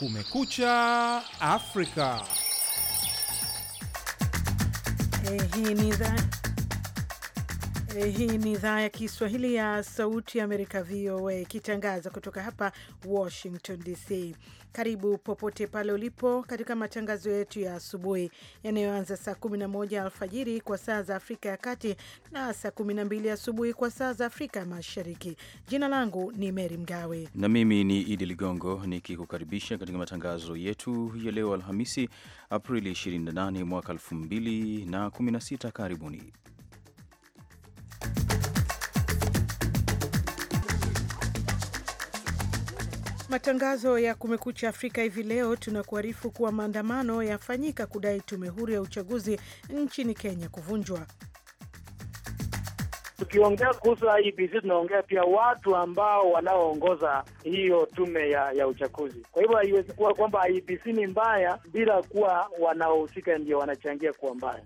Kumekucha Afrika. Hey, eh, Eh, hii ni idhaa ya Kiswahili ya Sauti ya Amerika, VOA, ikitangaza kutoka hapa Washington DC. Karibu popote pale ulipo katika matangazo yetu ya asubuhi yanayoanza saa 11 alfajiri kwa saa za Afrika ya Kati na saa 12 asubuhi kwa saa za Afrika Mashariki. Jina langu ni Meri Mgawe na mimi ni Idi Ligongo nikikukaribisha katika matangazo yetu ya leo Alhamisi, Aprili 28 mwaka 2016. Karibuni. Matangazo ya Kumekucha Afrika hivi leo tunakuarifu kuwa maandamano yafanyika kudai tume huru ya uchaguzi nchini Kenya kuvunjwa. Tukiongea kuhusu ibc tunaongea pia watu ambao wanaoongoza hiyo tume ya, ya uchaguzi. Kwa hivyo haiwezi kuwa kwamba ibc ni mbaya bila kuwa wanaohusika ndio wanachangia kuwa mbaya.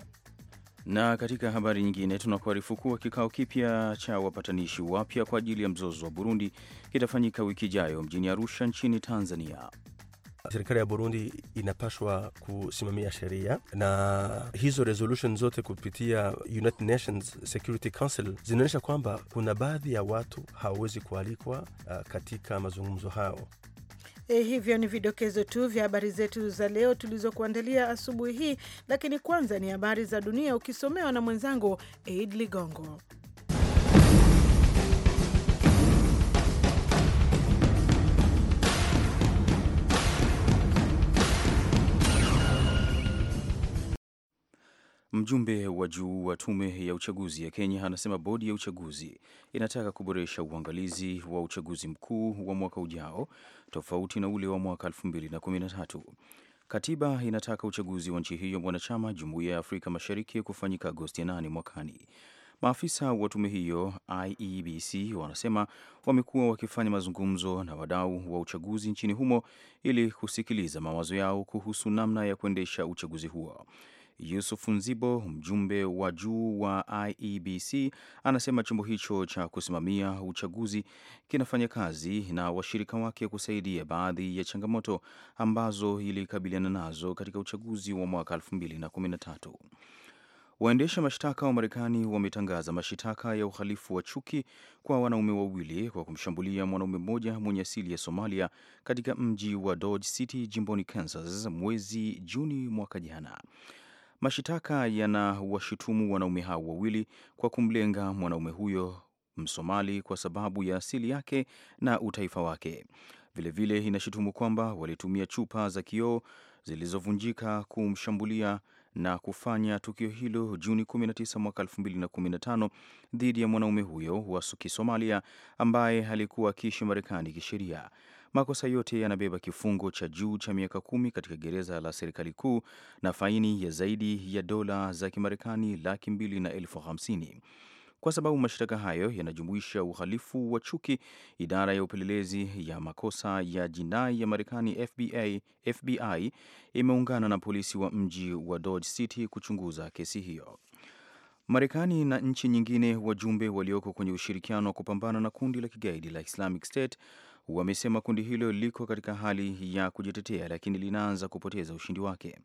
Na katika habari nyingine tunakuarifu kuwa kikao kipya cha wapatanishi wapya kwa ajili ya mzozo wa Burundi kitafanyika wiki ijayo mjini Arusha nchini Tanzania. Serikali ya Burundi inapashwa kusimamia sheria na hizo resolution zote kupitia United Nations Security Council zinaonyesha kwamba kuna baadhi ya watu hawawezi kualikwa uh, katika mazungumzo hayo. Eh, hivyo ni vidokezo tu vya habari zetu za leo tulizokuandalia asubuhi hii, lakini kwanza ni habari za dunia ukisomewa na mwenzangu Eid Ligongo. Mjumbe wa juu wa tume ya uchaguzi ya Kenya anasema bodi ya uchaguzi inataka kuboresha uangalizi wa uchaguzi mkuu wa mwaka ujao tofauti na ule wa mwaka 2013. Katiba inataka uchaguzi wa nchi hiyo mwanachama Jumuiya ya Afrika Mashariki kufanyika Agosti 8 mwakani. Maafisa wa tume hiyo IEBC wanasema wamekuwa wakifanya mazungumzo na wadau wa uchaguzi nchini humo ili kusikiliza mawazo yao kuhusu namna ya kuendesha uchaguzi huo. Yusuf Nzibo, mjumbe wa juu wa IEBC, anasema chombo hicho cha kusimamia uchaguzi kinafanya kazi na washirika wake kusaidia baadhi ya changamoto ambazo ilikabiliana nazo katika uchaguzi wa mwaka 2013. Waendesha mashtaka wa Marekani wametangaza mashitaka ya uhalifu wa chuki kwa wanaume wawili kwa kumshambulia mwanaume mmoja mwenye asili ya Somalia katika mji wa Dodge City jimboni Kansas mwezi Juni mwaka jana. Mashitaka yanawashutumu wanaume hao wawili kwa kumlenga mwanaume huyo Msomali kwa sababu ya asili yake na utaifa wake. Vilevile vile inashutumu kwamba walitumia chupa za kioo zilizovunjika kumshambulia na kufanya tukio hilo Juni 19 mwaka 2015 dhidi ya mwanaume huyo wa Kisomalia ambaye alikuwa akiishi Marekani kisheria. Makosa yote yanabeba kifungo cha juu cha miaka kumi katika gereza la serikali kuu na faini ya zaidi ya dola za Kimarekani laki mbili na elfu hamsini. Kwa sababu mashtaka hayo yanajumuisha uhalifu wa chuki, idara ya upelelezi ya makosa ya jinai ya Marekani FBI, FBI imeungana na polisi wa mji wa Dodge City kuchunguza kesi hiyo. Marekani na nchi nyingine wajumbe walioko kwenye ushirikiano wa kupambana na kundi la kigaidi la Islamic State wamesema kundi hilo liko katika hali ya kujitetea, lakini linaanza kupoteza ushindi wake.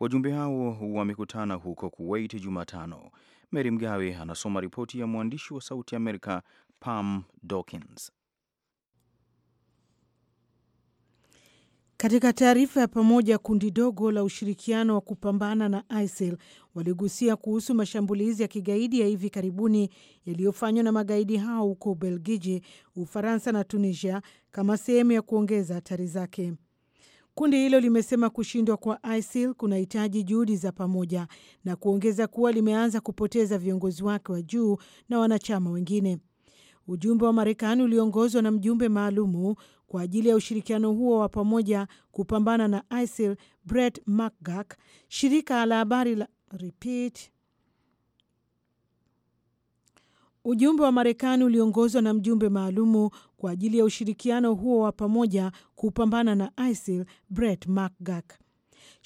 Wajumbe hao wamekutana huko Kuwait Jumatano. Mary Mgawe anasoma ripoti ya mwandishi wa Sauti Amerika Pam Dawkins. Katika taarifa ya pamoja, kundi dogo la ushirikiano wa kupambana na ISIL waligusia kuhusu mashambulizi ya kigaidi ya hivi karibuni yaliyofanywa na magaidi hao huko Ubelgiji, Ufaransa na Tunisia kama sehemu ya kuongeza hatari zake. Kundi hilo limesema kushindwa kwa ISIL kunahitaji juhudi za pamoja na kuongeza kuwa limeanza kupoteza viongozi wake wa juu na wanachama wengine. Ujumbe wa Marekani ulioongozwa na mjumbe maalumu kwa ajili ya ushirikiano huo wa pamoja kupambana na ISIL, Brett McGurk, shirika la habari la Repeat. Ujumbe wa Marekani uliongozwa na mjumbe maalumu kwa ajili ya ushirikiano huo wa pamoja kupambana na ISIL, Brett McGurk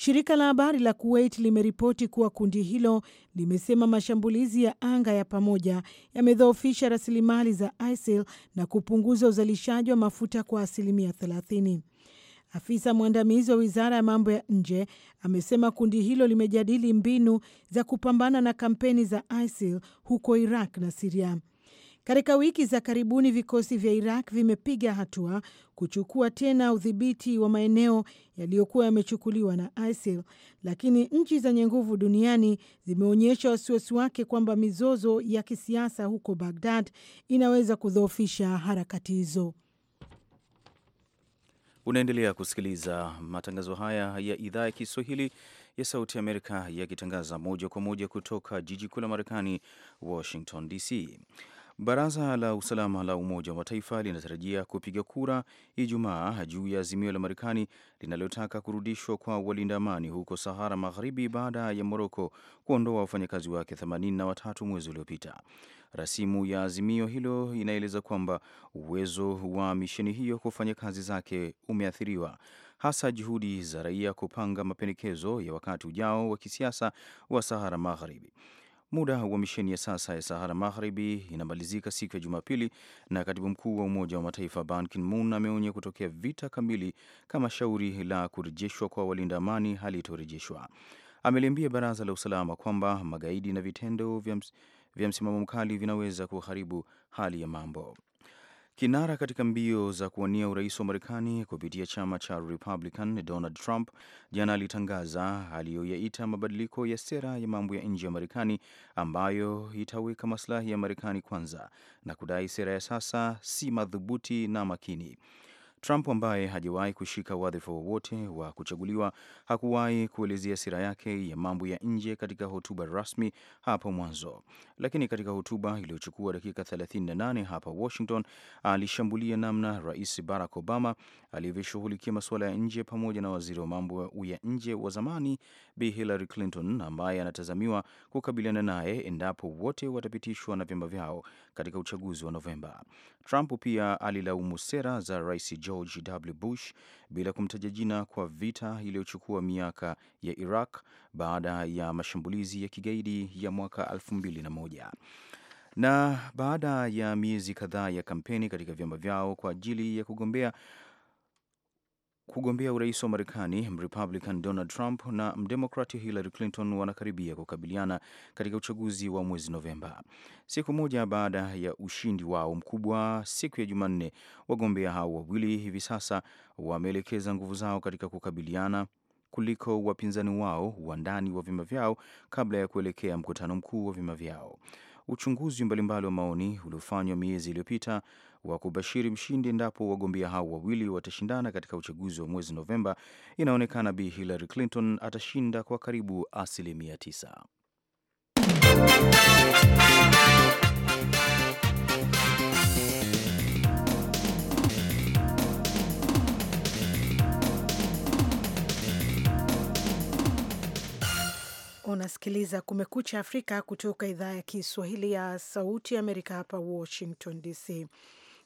Shirika la habari la Kuwait limeripoti kuwa kundi hilo limesema mashambulizi ya anga ya pamoja yamedhoofisha rasilimali za ISIL na kupunguza uzalishaji wa mafuta kwa asilimia 30. Afisa mwandamizi wa wizara ya mambo ya nje amesema kundi hilo limejadili mbinu za kupambana na kampeni za ISIL huko Iraq na Siria. Katika wiki za karibuni vikosi vya Iraq vimepiga hatua kuchukua tena udhibiti wa maeneo yaliyokuwa yamechukuliwa na ISIL, lakini nchi zenye nguvu duniani zimeonyesha wasiwasi wake kwamba mizozo ya kisiasa huko Bagdad inaweza kudhoofisha harakati hizo. Unaendelea kusikiliza matangazo haya ya idhaa ya Kiswahili ya Sauti ya Amerika yakitangaza moja kwa moja kutoka jiji kuu la Marekani, Washington DC. Baraza la usalama la Umoja wa Mataifa linatarajia kupiga kura Ijumaa juu ya azimio la Marekani linalotaka kurudishwa kwa walinda amani huko Sahara Magharibi baada ya Moroko kuondoa wafanyakazi wake 83 mwezi uliopita. Rasimu ya azimio hilo inaeleza kwamba uwezo wa misheni hiyo kufanya kazi zake umeathiriwa hasa juhudi za raia kupanga mapendekezo ya wakati ujao wa kisiasa wa Sahara Magharibi. Muda wa misheni ya sasa ya Sahara Magharibi inamalizika siku ya Jumapili, na katibu mkuu wa Umoja wa Mataifa Ban Ki-moon ameonya kutokea vita kamili kama shauri la kurejeshwa kwa walinda amani halitorejeshwa. Ameliambia Baraza la Usalama kwamba magaidi na vitendo vya msimamo mkali vinaweza kuharibu hali ya mambo. Kinara katika mbio za kuwania urais wa Marekani kupitia chama cha Republican, Donald Trump jana alitangaza aliyoyaita mabadiliko ya sera ya mambo ya nje ya Marekani ambayo itaweka masilahi ya Marekani kwanza na kudai sera ya sasa si madhubuti na makini. Trump ambaye hajawahi kushika wadhifa wowote wa kuchaguliwa hakuwahi kuelezea sera yake ya mambo ya nje katika hotuba rasmi hapo mwanzo, lakini katika hotuba iliyochukua dakika 38 hapa Washington alishambulia namna Rais Barack Obama alivyoshughulikia masuala ya nje pamoja na waziri wa mambo ya nje wa zamani Bi Hillary Clinton ambaye anatazamiwa kukabiliana naye endapo wote watapitishwa na vyama vyao katika uchaguzi wa Novemba. Trump pia alilaumu sera za Rais George W. Bush bila kumtaja jina kwa vita iliyochukua miaka ya Iraq baada ya mashambulizi ya kigaidi ya mwaka 2001 na baada ya miezi kadhaa ya kampeni katika vyama vyao kwa ajili ya kugombea kugombea urais wa Marekani, Mrepublican Donald Trump na Mdemokrati Hillary Clinton wanakaribia kukabiliana katika uchaguzi wa mwezi Novemba. Siku moja baada ya ushindi wao mkubwa siku ya Jumanne, wagombea hao wawili hivi sasa wameelekeza nguvu zao katika kukabiliana kuliko wapinzani wao wa ndani wa vyama vyao kabla ya kuelekea mkutano mkuu wa vyama vyao. Uchunguzi mbalimbali wa maoni uliofanywa miezi iliyopita wa kubashiri mshindi endapo wagombea hao wawili watashindana katika uchaguzi wa mwezi Novemba. Inaonekana Bi Hillary Clinton atashinda kwa karibu asilimia 9. Unasikiliza Kumekucha Afrika kutoka idhaa ya Kiswahili ya Sauti ya Amerika, hapa Washington DC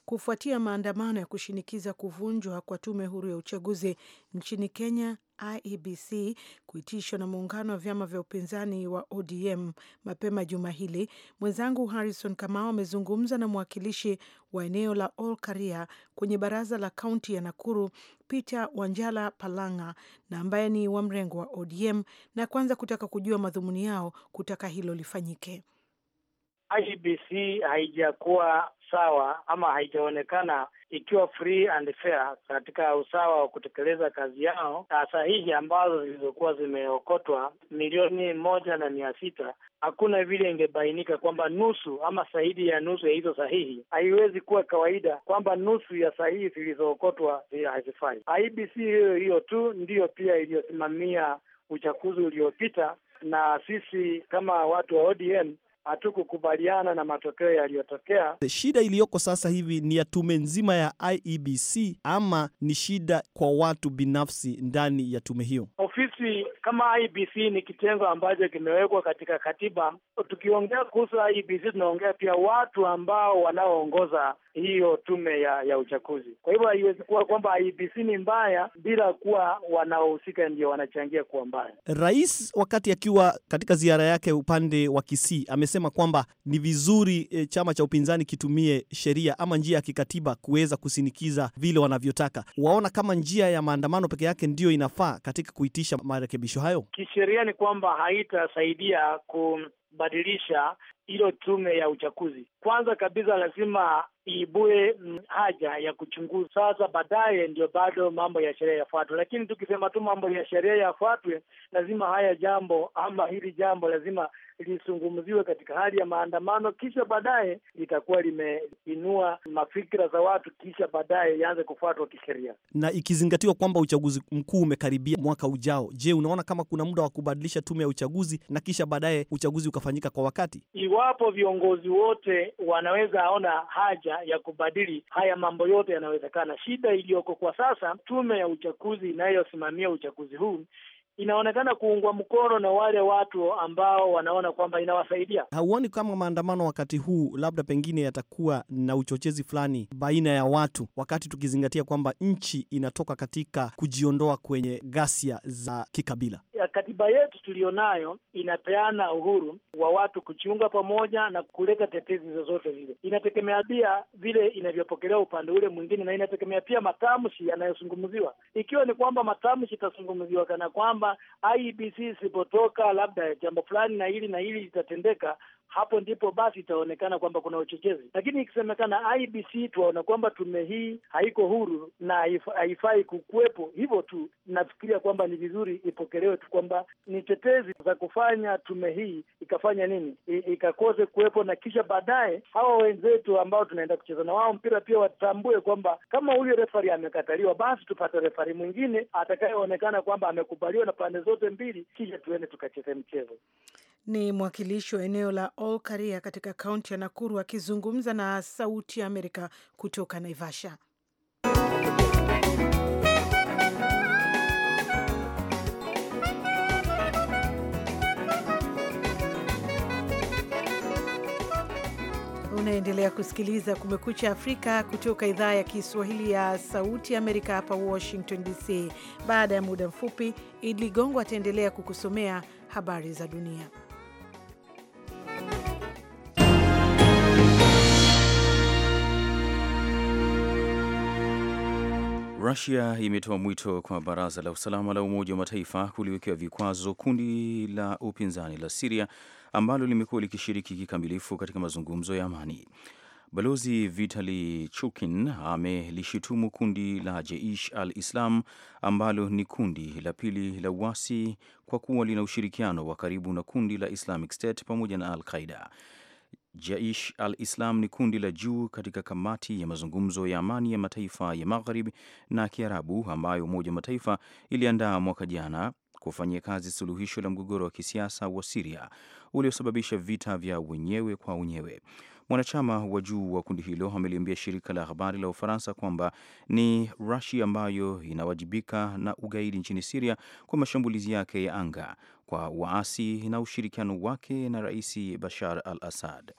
kufuatia maandamano ya kushinikiza kuvunjwa kwa tume huru ya uchaguzi nchini Kenya IEBC kuitishwa na muungano wa vyama vya upinzani wa ODM mapema juma hili. Mwenzangu Harrison Kamau amezungumza na mwakilishi wa eneo la Olkaria kwenye baraza la kaunti ya Nakuru, Peter Wanjala Palanga, na ambaye ni wa mrengo wa ODM, na kwanza kutaka kujua madhumuni yao kutaka hilo lifanyike. IEBC haijakuwa sawa ama haijaonekana ikiwa free and fair katika usawa wa kutekeleza kazi yao sahihi ambazo zilizokuwa zimeokotwa milioni moja na mia sita hakuna vile ingebainika kwamba nusu ama zaidi ya nusu ya hizo sahihi. Haiwezi kuwa kawaida kwamba nusu ya sahihi zilizookotwa hazifai. IBC hiyo hiyo tu ndiyo pia iliyosimamia uchaguzi uliopita, na sisi kama watu wa ODM hatukukubaliana na matokeo yaliyotokea. Shida iliyoko sasa hivi ni ya tume nzima ya IEBC ama ni shida kwa watu binafsi ndani ya tume hiyo? Of ofisi kama IBC ni kitengo ambacho kimewekwa katika katiba. Tukiongea kuhusu IBC, tunaongea pia watu ambao wanaoongoza hiyo tume ya, ya uchaguzi. Kwa hivyo haiwezi kuwa kwamba IBC ni mbaya bila kuwa wanaohusika ndio wanachangia kuwa mbaya. Rais wakati akiwa katika ziara yake upande wa Kisii amesema kwamba ni vizuri e, chama cha upinzani kitumie sheria ama njia ya kikatiba kuweza kusinikiza vile wanavyotaka. Waona kama njia ya maandamano peke yake ndiyo inafaa katika kuitisha kufanikisha marekebisho hayo? Kisheria ni kwamba haitasaidia ku badilisha hilo tume ya uchaguzi. Kwanza kabisa lazima iibue mm, haja ya kuchunguza sasa, baadaye ndio bado mambo ya sheria yafuatwe. Lakini tukisema tu mambo ya sheria yafuatwe, lazima haya jambo ama hili jambo lazima lisungumziwe katika hali ya maandamano, kisha baadaye litakuwa limeinua mafikira za watu, kisha baadaye ianze kufuatwa kisheria. Na ikizingatiwa kwamba uchaguzi mkuu umekaribia mwaka ujao, je, unaona kama kuna muda wa kubadilisha tume ya uchaguzi na kisha baadaye uchaguzi uka unaofanyika kwa wakati. Iwapo viongozi wote wanaweza ona haja ya kubadili haya mambo yote yanawezekana. Shida iliyoko kwa sasa, tume ya uchaguzi inayosimamia uchaguzi huu inaonekana kuungwa mkono na wale watu ambao wanaona kwamba inawasaidia. Hauoni kama maandamano wakati huu labda pengine yatakuwa na uchochezi fulani baina ya watu, wakati tukizingatia kwamba nchi inatoka katika kujiondoa kwenye ghasia za kikabila? katiba yetu tuliyonayo inapeana uhuru wa watu kujiunga pamoja na kuleta tetezi zozote zile. Inategemea pia vile inavyopokelewa upande ule mwingine, na inategemea pia matamshi yanayozungumziwa. Ikiwa ni kwamba matamshi itazungumziwa kana kwamba IBC isipotoka labda jambo fulani na hili na hili litatendeka, hapo ndipo basi itaonekana kwamba kuna uchochezi. Lakini ikisemekana IBC, tuwaona kwamba tume hii haiko huru na haifai kukuwepo hivyo tu, nafikiria kwamba ni vizuri ipokelewe tu kwamba ni tetezi za kufanya tume hii ikafanya nini, I, ikakose kuwepo, na kisha baadaye hawa wenzetu ambao tunaenda kucheza na wao mpira pia watambue kwamba kama huyo refari amekataliwa, basi tupate refari mwingine atakayeonekana kwamba amekubaliwa na pande zote mbili, kisha tuende tukacheze mchezo. Ni mwakilishi wa eneo la karia katika kaunti ya Nakuru akizungumza na Sauti ya Amerika kutoka Naivasha. Unaendelea kusikiliza Kumekucha Afrika kutoka idhaa ya Kiswahili ya Sauti ya Amerika hapa Washington DC. Baada ya muda mfupi, Idi Ligongo ataendelea kukusomea habari za dunia. Rusia imetoa mwito kwa Baraza la Usalama la Umoja wa Mataifa kuliwekea vikwazo kundi la upinzani la Siria ambalo limekuwa likishiriki kikamilifu katika mazungumzo ya amani. Balozi Vitali Chukin amelishutumu kundi la Jeish al Islam ambalo ni kundi la pili la uasi kwa kuwa lina ushirikiano wa karibu na kundi la Islamic State pamoja na Al Qaida. Jaish al-Islam ni kundi la juu katika kamati ya mazungumzo ya amani ya mataifa ya maghrib na Kiarabu ambayo Umoja wa Mataifa iliandaa mwaka jana kufanyia kazi suluhisho la mgogoro wa kisiasa wa Siria uliosababisha vita vya wenyewe kwa wenyewe. Mwanachama wa juu wa kundi hilo ameliambia shirika la habari la Ufaransa kwamba ni Russia ambayo inawajibika na ugaidi nchini Siria kwa mashambulizi yake ya anga kwa waasi na ushirikiano wake na Rais Bashar al-Assad.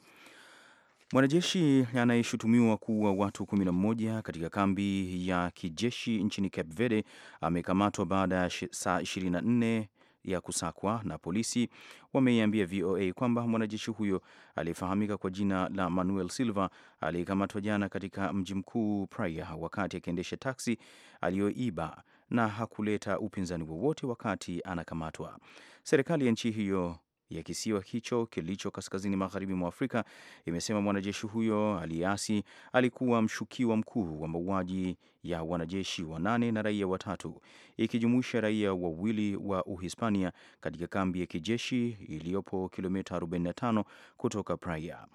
Mwanajeshi anayeshutumiwa kuua watu 11 katika kambi ya kijeshi nchini Cape Verde amekamatwa baada ya saa 24 ya kusakwa na polisi. Wameiambia VOA kwamba mwanajeshi huyo aliyefahamika kwa jina la Manuel Silva aliyekamatwa jana katika mji mkuu Praia wakati akiendesha taksi aliyoiba na hakuleta upinzani wowote wakati anakamatwa. Serikali ya nchi hiyo ya kisiwa hicho kilicho kaskazini magharibi mwa Afrika imesema mwanajeshi huyo aliyeasi alikuwa mshukiwa mkuu wa mauaji ya wanajeshi wanane na raia watatu ikijumuisha raia wawili wa Uhispania katika kambi ya kijeshi iliyopo kilomita 45 kutoka Praia.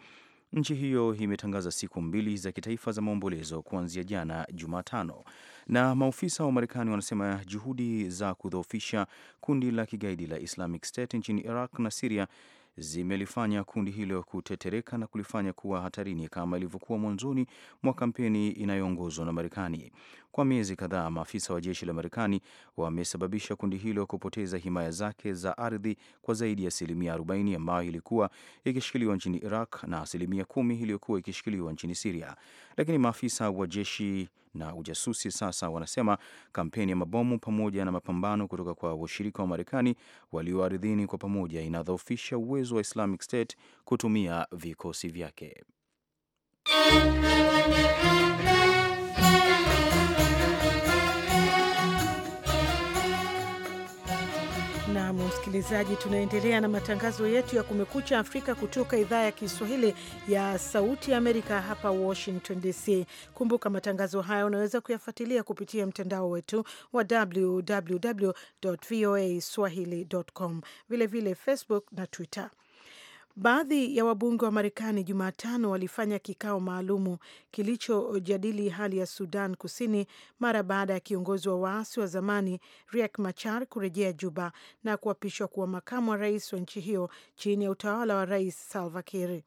Nchi hiyo imetangaza siku mbili za kitaifa za maombolezo kuanzia jana Jumatano, na maofisa wa Marekani wanasema juhudi za kudhoofisha kundi la kigaidi la Islamic State nchini Iraq na Siria zimelifanya kundi hilo kutetereka na kulifanya kuwa hatarini kama ilivyokuwa mwanzoni mwa kampeni inayoongozwa na Marekani. Kwa miezi kadhaa, maafisa wa jeshi la Marekani wamesababisha kundi hilo kupoteza himaya zake za ardhi kwa zaidi ya asilimia 40 ambayo ilikuwa ikishikiliwa nchini Iraq na asilimia kumi iliyokuwa ikishikiliwa nchini Siria. Lakini maafisa wa jeshi na ujasusi sasa wanasema kampeni ya mabomu pamoja na mapambano kutoka kwa washirika wa Marekani walio ardhini kwa pamoja inadhoofisha uwezo wa Islamic State kutumia vikosi vyake. msikilizaji, tunaendelea na matangazo yetu ya Kumekucha Afrika kutoka idhaa ya Kiswahili ya Sauti ya Amerika hapa Washington DC. Kumbuka matangazo haya unaweza kuyafuatilia kupitia mtandao wetu wa www voa swahili.com, vilevile Facebook na Twitter. Baadhi ya wabunge wa Marekani Jumatano walifanya kikao maalumu kilichojadili hali ya Sudan Kusini mara baada ya kiongozi wa waasi wa zamani Riek Machar kurejea Juba na kuapishwa kuwa makamu wa rais wa nchi hiyo chini ya utawala wa Rais Salva Kiir.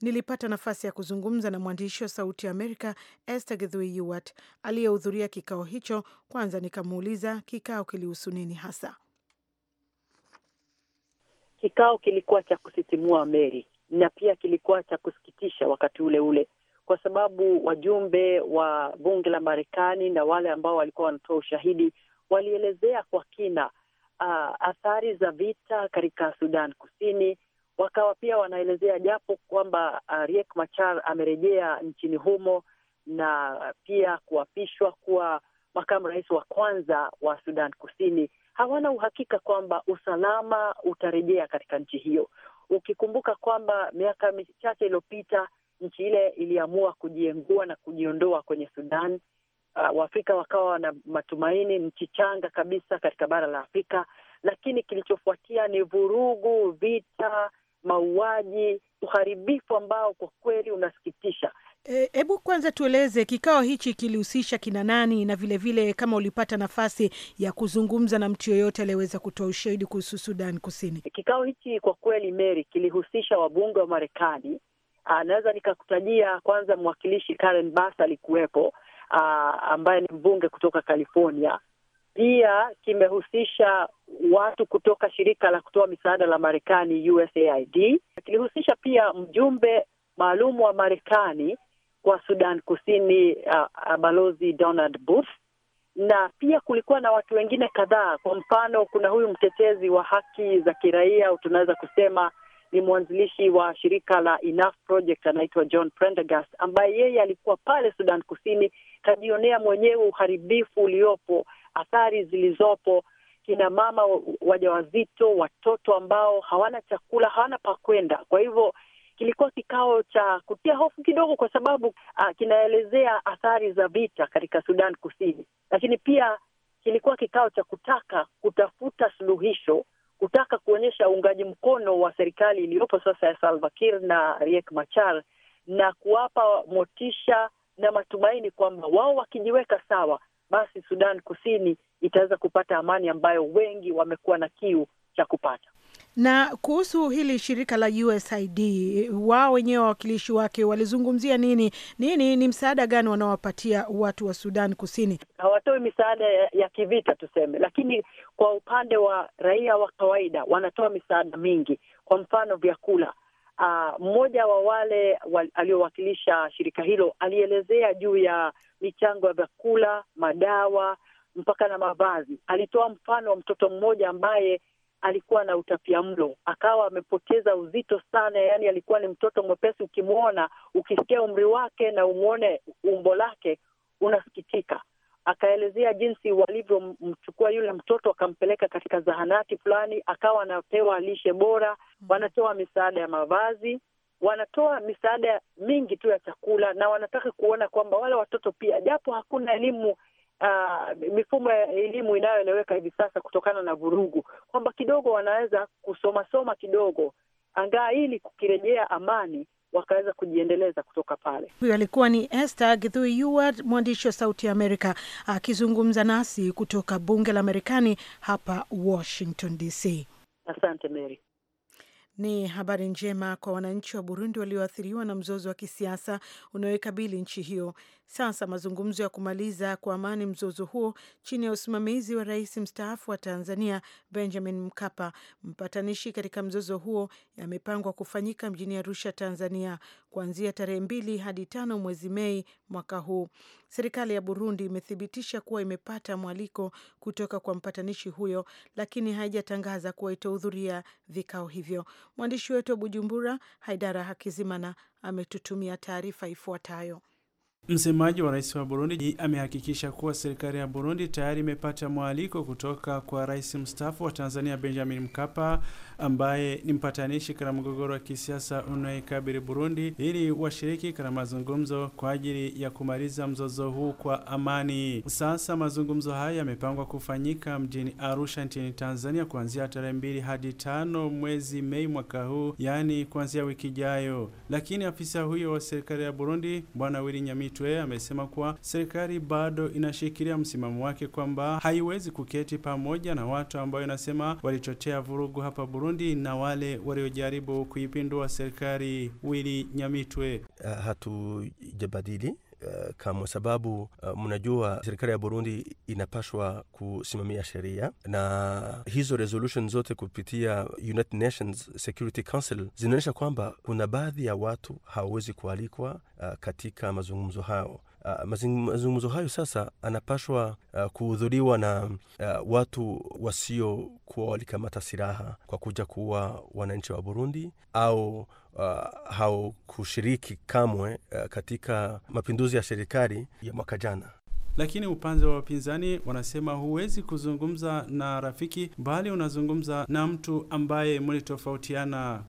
Nilipata nafasi ya kuzungumza na mwandishi wa Sauti ya Amerika Esther Githui Yuwat aliyehudhuria kikao hicho. Kwanza nikamuuliza kikao kilihusu nini hasa. Kikao kilikuwa cha kusisimua Meri, na pia kilikuwa cha kusikitisha wakati ule ule, kwa sababu wajumbe wa bunge la Marekani na wale ambao walikuwa wanatoa ushahidi walielezea kwa kina uh, athari za vita katika Sudan Kusini. Wakawa pia wanaelezea japo kwamba uh, Riek Machar amerejea nchini humo na pia kuapishwa kuwa makamu rais wa kwanza wa Sudan Kusini, hawana uhakika kwamba usalama utarejea katika nchi hiyo. Ukikumbuka kwamba miaka michache iliyopita nchi ile iliamua kujiengua na kujiondoa kwenye Sudan. Uh, Waafrika wakawa na matumaini, nchi changa kabisa katika bara la Afrika, lakini kilichofuatia ni vurugu, vita, mauaji, uharibifu ambao kwa kweli unasikitisha. Eh, hebu kwanza tueleze kikao hichi kilihusisha kina nani, na vilevile vile, kama ulipata nafasi ya kuzungumza na mtu yoyote aliyeweza kutoa ushahidi kuhusu Sudan Kusini? Kikao hichi kwa kweli, Mary, kilihusisha wabunge wa Marekani. Ah, naweza nikakutajia kwanza, mwakilishi Karen bas alikuwepo, ah, ambaye ni mbunge kutoka California. Pia kimehusisha watu kutoka shirika la kutoa misaada la Marekani, USAID. Kilihusisha pia mjumbe maalum wa Marekani kwa Sudan Kusini, uh, balozi Donald Booth, na pia kulikuwa na watu wengine kadhaa. Kwa mfano, kuna huyu mtetezi wa haki za kiraia, tunaweza kusema ni mwanzilishi wa shirika la Enough Project, anaitwa John Prendergast, ambaye yeye alikuwa pale Sudan Kusini, kajionea mwenyewe uharibifu uliopo, athari zilizopo, kina mama wajawazito, watoto ambao hawana chakula, hawana pa kwenda. Kwa hivyo kilikuwa kikao cha kutia hofu kidogo, kwa sababu uh, kinaelezea athari za vita katika Sudan Kusini, lakini pia kilikuwa kikao cha kutaka kutafuta suluhisho, kutaka kuonyesha uungaji mkono wa serikali iliyopo sasa ya Salva Kiir na Riek Machar na kuwapa motisha na matumaini kwamba wao wakijiweka sawa, basi Sudan Kusini itaweza kupata amani ambayo wengi wamekuwa na kiu cha kupata. Na kuhusu hili shirika la USAID, wao wenyewe wawakilishi wake walizungumzia nini? Nini ni msaada gani wanaowapatia watu wa Sudan Kusini? Hawatoi misaada ya kivita tuseme, lakini kwa upande wa raia wa kawaida wanatoa misaada mingi, kwa mfano vyakula. Uh, mmoja wa wale aliowakilisha shirika hilo alielezea juu ya michango ya vyakula, madawa mpaka na mavazi. Alitoa mfano wa mtoto mmoja ambaye alikuwa na utapia mlo, akawa amepoteza uzito sana. Yani alikuwa ni mtoto mwepesi, ukimwona, ukisikia umri wake na umwone umbo lake unasikitika. Akaelezea jinsi walivyomchukua yule mtoto akampeleka katika zahanati fulani, akawa anapewa lishe bora, wanatoa misaada ya mavazi, wanatoa misaada mingi tu ya chakula, na wanataka kuona kwamba wale watoto pia, japo hakuna elimu uh, mifumo ya elimu inayoeleweka hivi sasa kutokana na vurugu, kwamba kidogo wanaweza kusomasoma kidogo angaa ili kukirejea amani wakaweza kujiendeleza kutoka pale. Huyo alikuwa ni Esther Githui Ewart, mwandishi wa Sauti ya Amerika akizungumza nasi kutoka bunge la Marekani hapa Washington DC. Asante Mary. Ni habari njema kwa wananchi wa Burundi walioathiriwa na mzozo wa kisiasa unaoikabili nchi hiyo. Sasa mazungumzo ya kumaliza kwa amani mzozo huo chini ya usimamizi wa rais mstaafu wa Tanzania Benjamin Mkapa, mpatanishi katika mzozo huo, yamepangwa kufanyika mjini Arusha, Tanzania, kuanzia tarehe mbili hadi tano mwezi Mei mwaka huu. Serikali ya Burundi imethibitisha kuwa imepata mwaliko kutoka kwa mpatanishi huyo, lakini haijatangaza kuwa itahudhuria vikao hivyo. Mwandishi wetu wa Bujumbura, Haidara Hakizimana, ametutumia taarifa ifuatayo. Msemaji wa rais wa Burundi amehakikisha kuwa serikali ya Burundi tayari imepata mwaliko kutoka kwa rais mstaafu wa Tanzania Benjamin Mkapa ambaye ni mpatanishi katika mgogoro wa kisiasa unaoikabili Burundi ili washiriki katika mazungumzo kwa ajili ya kumaliza mzozo huu kwa amani. Sasa mazungumzo haya yamepangwa kufanyika mjini Arusha nchini Tanzania kuanzia tarehe mbili hadi tano mwezi Mei mwaka huu, yaani kuanzia wiki ijayo. Lakini afisa huyo wa serikali ya Burundi Bwana Willy Nyamitwe amesema kuwa serikali bado inashikilia msimamo wake kwamba haiwezi kuketi pamoja na watu ambao inasema walichochea vurugu hapa Burundi Burundi na wale waliojaribu kuipindua serikali wili Nyamitwe. Ah, hatujabadili ah, kama sababu ah, mnajua, serikali ya Burundi inapashwa kusimamia sheria, na hizo resolution zote kupitia United Nations Security Council zinaonyesha kwamba kuna baadhi ya watu hawawezi kualikwa katika mazungumzo hayo. Ah, mazungumzo hayo sasa anapashwa uh, kuhudhuriwa na uh, watu wasiokuwa walikamata silaha kwa kuja kuwa wananchi wa Burundi au uh, hao kushiriki kamwe uh, katika mapinduzi ya serikali ya mwaka jana. Lakini upande wa wapinzani wanasema huwezi kuzungumza na rafiki, bali unazungumza na mtu ambaye mlitofautiana.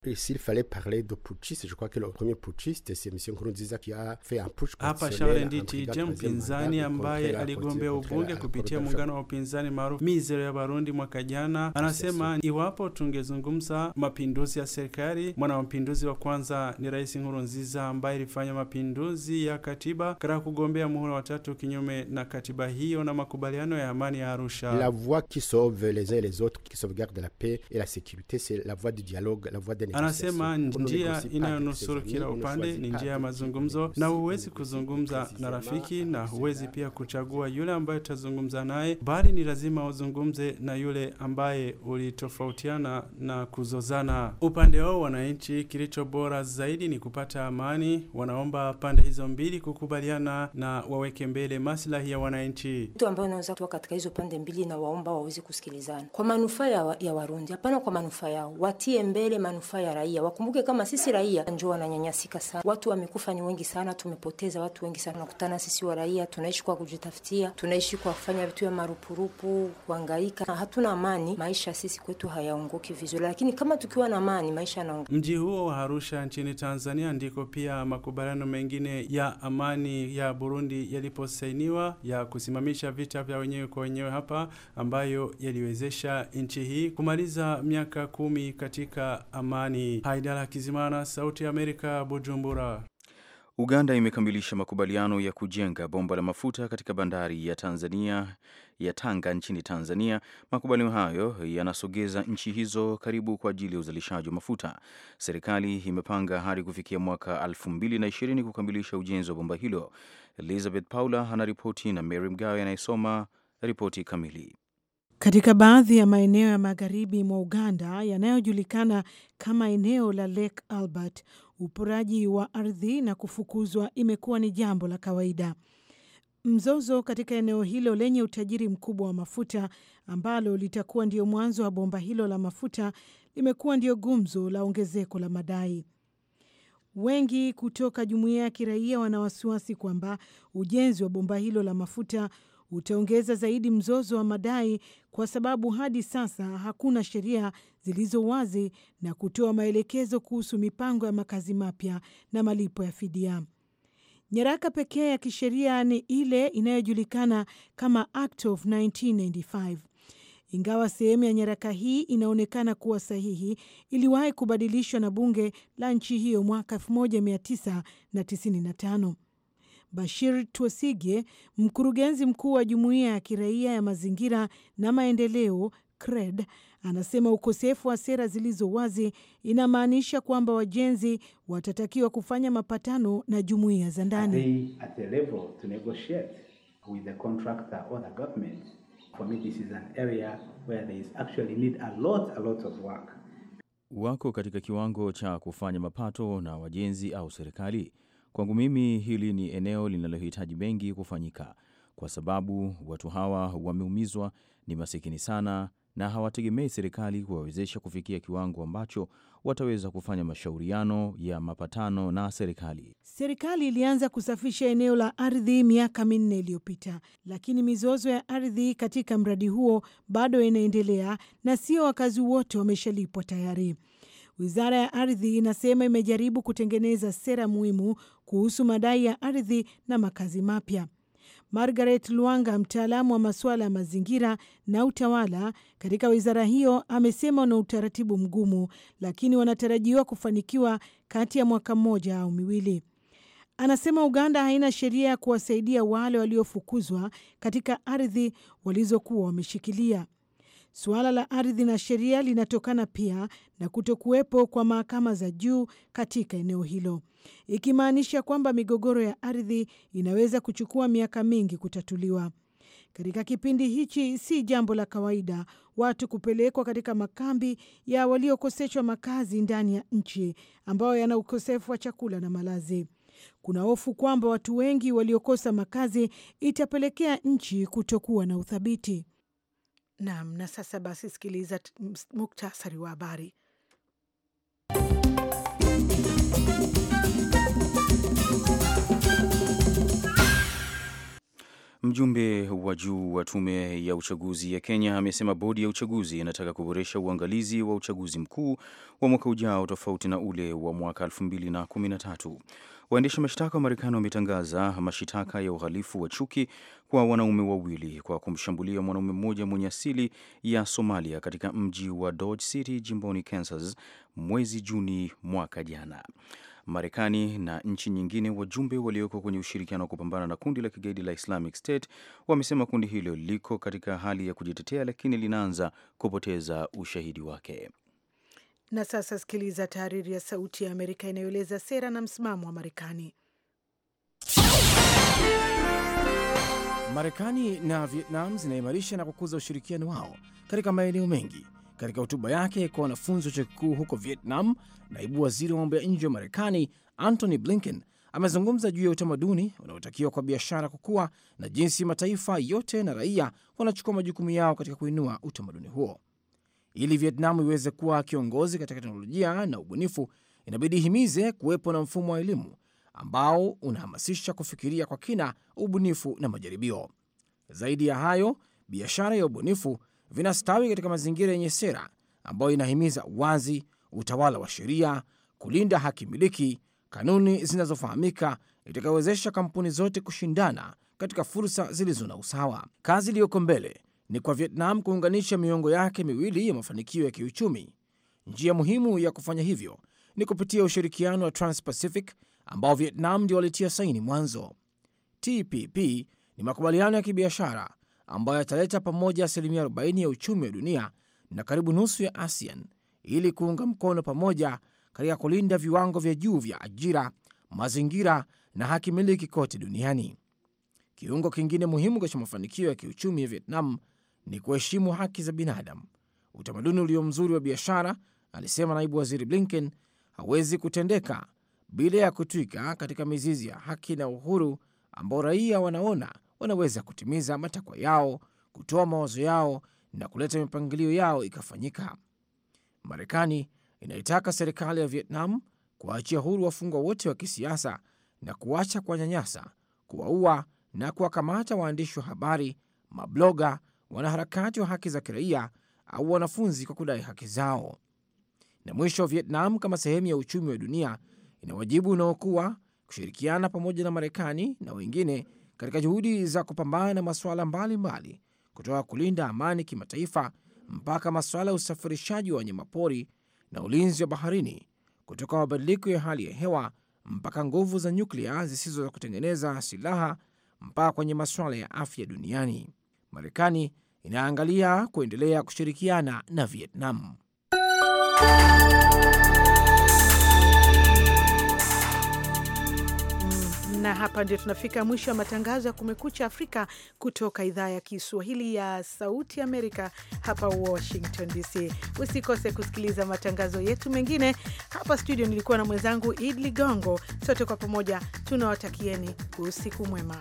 Hapa Charles Nditi je, mpinzani ambaye aligombea ubunge kupitia muungano wa upinzani maarufu Mizero ya Barundi mwaka jana, anasema iwapo tungezungumza mapinduzi ya serikali, mwana mapinduzi wa kwanza ni Rais Nkurunziza ambaye ilifanya mapinduzi ya katiba katika kugombea muhula watatu kinyume na katiba hiyo na makubaliano ya amani ya Arusha. La voix qui sauve les uns les autres qui sauvegarde la paix et la sécurité c'est la voix du dialogue, la voix des négociations. Anasema njia inayonusuru kila upande ni njia ya mazungumzo, na huwezi kuzungumza na rafiki na huwezi pia kuchagua yule ambaye utazungumza naye, bali ni lazima uzungumze na yule ambaye ulitofautiana na kuzozana. Upande wao wananchi, kilicho bora zaidi ni kupata amani. Wanaomba pande hizo mbili kukubaliana na waweke mbele maslahi maslahi ya wananchi. Watu ambao wanaweza kutoka katika hizo pande mbili, na waomba waweze kusikilizana kwa manufaa ya, ya Warundi, hapana kwa manufaa yao. Watie mbele manufaa ya raia, wakumbuke kama sisi raia njo wananyanyasika sana. Watu wamekufa ni wengi sana, tumepoteza watu wengi sana. Nakutana sisi wa raia tunaishi kwa kujitafutia, tunaishi kwa kufanya vitu vya marupurupu, kuangaika na hatuna amani. Maisha sisi kwetu hayaongoki vizuri, lakini kama tukiwa na amani maisha yanaongoka. Mji huo wa Arusha nchini Tanzania ndiko pia makubaliano mengine ya amani ya Burundi yaliposainiwa ya kusimamisha vita vya wenyewe kwa wenyewe hapa ambayo yaliwezesha nchi hii kumaliza miaka kumi katika amani. Haidara Kizimana, Sauti ya Amerika, Bujumbura. Uganda imekamilisha makubaliano ya kujenga bomba la mafuta katika bandari ya Tanzania ya Tanga nchini Tanzania. Makubaliano hayo yanasogeza nchi hizo karibu kwa ajili ya uzalishaji wa mafuta. Serikali imepanga hadi kufikia mwaka 2020 kukamilisha ujenzi wa bomba hilo. Elizabeth Paula anaripoti na Mary Mgawe anayesoma ripoti kamili. Katika baadhi ya maeneo ya magharibi mwa Uganda yanayojulikana kama eneo la Lake Albert, uporaji wa ardhi na kufukuzwa imekuwa ni jambo la kawaida. Mzozo katika eneo hilo lenye utajiri mkubwa wa mafuta ambalo litakuwa ndio mwanzo wa bomba hilo la mafuta limekuwa ndio gumzo la ongezeko la madai. Wengi kutoka jumuiya ya kiraia wana wasiwasi kwamba ujenzi wa bomba hilo la mafuta utaongeza zaidi mzozo wa madai, kwa sababu hadi sasa hakuna sheria zilizo wazi na kutoa maelekezo kuhusu mipango ya makazi mapya na malipo ya fidia. Nyaraka pekee ya kisheria ni ile inayojulikana kama Act of 1995 ingawa sehemu ya nyaraka hii inaonekana kuwa sahihi, iliwahi kubadilishwa na bunge la nchi hiyo mwaka 1995. Bashir Twesige, mkurugenzi mkuu wa jumuiya ya kiraia ya mazingira na maendeleo CRED, anasema ukosefu wa sera zilizo wazi inamaanisha kwamba wajenzi watatakiwa kufanya mapatano na jumuiya za ndani for me this is an area where there is actually need a lot, a lot of work. Wako katika kiwango cha kufanya mapato na wajenzi au serikali. Kwangu mimi hili ni eneo linalohitaji mengi kufanyika, kwa sababu watu hawa wameumizwa, ni masikini sana na hawategemei serikali kuwawezesha kufikia kiwango ambacho wataweza kufanya mashauriano ya mapatano na serikali. Serikali ilianza kusafisha eneo la ardhi miaka minne iliyopita, lakini mizozo ya ardhi katika mradi huo bado inaendelea na sio wakazi wote wameshalipwa tayari. Wizara ya ardhi inasema imejaribu kutengeneza sera muhimu kuhusu madai ya ardhi na makazi mapya. Margaret Luanga, mtaalamu wa masuala ya mazingira na utawala katika wizara hiyo, amesema wana utaratibu mgumu, lakini wanatarajiwa kufanikiwa kati ya mwaka mmoja au miwili. Anasema Uganda haina sheria ya kuwasaidia wale waliofukuzwa katika ardhi walizokuwa wameshikilia. Suala la ardhi na sheria linatokana pia na kutokuwepo kwa mahakama za juu katika eneo hilo, ikimaanisha kwamba migogoro ya ardhi inaweza kuchukua miaka mingi kutatuliwa. Katika kipindi hichi, si jambo la kawaida watu kupelekwa katika makambi ya waliokoseshwa makazi ndani ya nchi ambayo yana ukosefu wa chakula na malazi. Kuna hofu kwamba watu wengi waliokosa makazi itapelekea nchi kutokuwa na uthabiti. Naam, na sasa basi sikiliza muktasari wa habari. Mjumbe wa juu wa tume ya uchaguzi ya Kenya amesema bodi ya uchaguzi inataka kuboresha uangalizi wa uchaguzi mkuu wa mwaka ujao tofauti na ule wa mwaka 2013. Waendesha mashtaka wa Marekani wametangaza mashitaka ya uhalifu wa chuki kwa wanaume wawili kwa kumshambulia mwanaume mmoja mwenye asili ya Somalia katika mji wa Dodge City jimboni Kansas mwezi Juni mwaka jana. Marekani na nchi nyingine, wajumbe walioko kwenye ushirikiano wa kupambana na kundi la kigaidi la Islamic State wamesema kundi hilo liko katika hali ya kujitetea, lakini linaanza kupoteza ushahidi wake. Na sasa sikiliza tahariri ya Sauti ya Amerika inayoeleza sera na msimamo wa Marekani. Marekani na Vietnam zinaimarisha na kukuza ushirikiano wao katika maeneo mengi katika hotuba yake kwa wanafunzi wa chuo kikuu huko Vietnam, naibu waziri wa mambo ya nje wa Marekani Antony Blinken amezungumza juu ya utamaduni unaotakiwa kwa biashara kukua na jinsi mataifa yote na raia wanachukua majukumu yao katika kuinua utamaduni huo. Ili Vietnam iweze kuwa kiongozi katika teknolojia na ubunifu, inabidi ihimize kuwepo na mfumo wa elimu ambao unahamasisha kufikiria kwa kina, ubunifu na majaribio. Zaidi ya hayo, biashara ya ubunifu vinastawi katika mazingira yenye sera ambayo inahimiza uwazi, utawala wa sheria, kulinda haki miliki, kanuni zinazofahamika, itakayowezesha kampuni zote kushindana katika fursa zilizo na usawa. Kazi iliyoko mbele ni kwa Vietnam kuunganisha miongo yake miwili ya mafanikio ya kiuchumi. Njia muhimu ya kufanya hivyo ni kupitia ushirikiano wa Transpacific ambao Vietnam ndio walitia saini mwanzo. TPP ni makubaliano ya kibiashara ambayo yataleta pamoja asilimia 40 ya uchumi wa dunia na karibu nusu ya ASEAN ili kuunga mkono pamoja katika kulinda viwango vya juu vya ajira, mazingira na haki miliki kote duniani. Kiungo kingine muhimu katika mafanikio ya kiuchumi ya Vietnam ni kuheshimu haki za binadamu. Utamaduni ulio mzuri wa biashara, alisema naibu waziri Blinken, hawezi kutendeka bila ya kutwika katika mizizi ya haki na uhuru ambao raia wanaona wanaweza kutimiza matakwa yao, kutoa mawazo yao na kuleta mipangilio yao ikafanyika. Marekani inaitaka serikali ya Vietnam kuwaachia huru wafungwa wote wa kisiasa na kuacha kuwanyanyasa, kuwaua na kuwakamata waandishi wa habari, mabloga, wanaharakati wa haki za kiraia au wanafunzi kwa kudai haki zao. Na mwisho, Vietnam kama sehemu ya uchumi wa dunia ina wajibu unaokuwa kushirikiana pamoja na Marekani na wengine katika juhudi za kupambana na masuala mbalimbali kutoka kulinda amani kimataifa mpaka masuala ya usafirishaji wa wanyamapori na ulinzi wa baharini, kutoka mabadiliko ya hali ya hewa mpaka nguvu za nyuklia zisizo za kutengeneza silaha mpaka kwenye masuala ya afya duniani. Marekani inaangalia kuendelea kushirikiana na Vietnam. Na hapa ndio tunafika mwisho wa matangazo ya Kumekucha Afrika kutoka idhaa ya Kiswahili ya Sauti Amerika hapa Washington DC. Usikose kusikiliza matangazo yetu mengine. Hapa studio nilikuwa na mwenzangu Id Ligongo. Sote kwa pamoja tunawatakieni usiku mwema.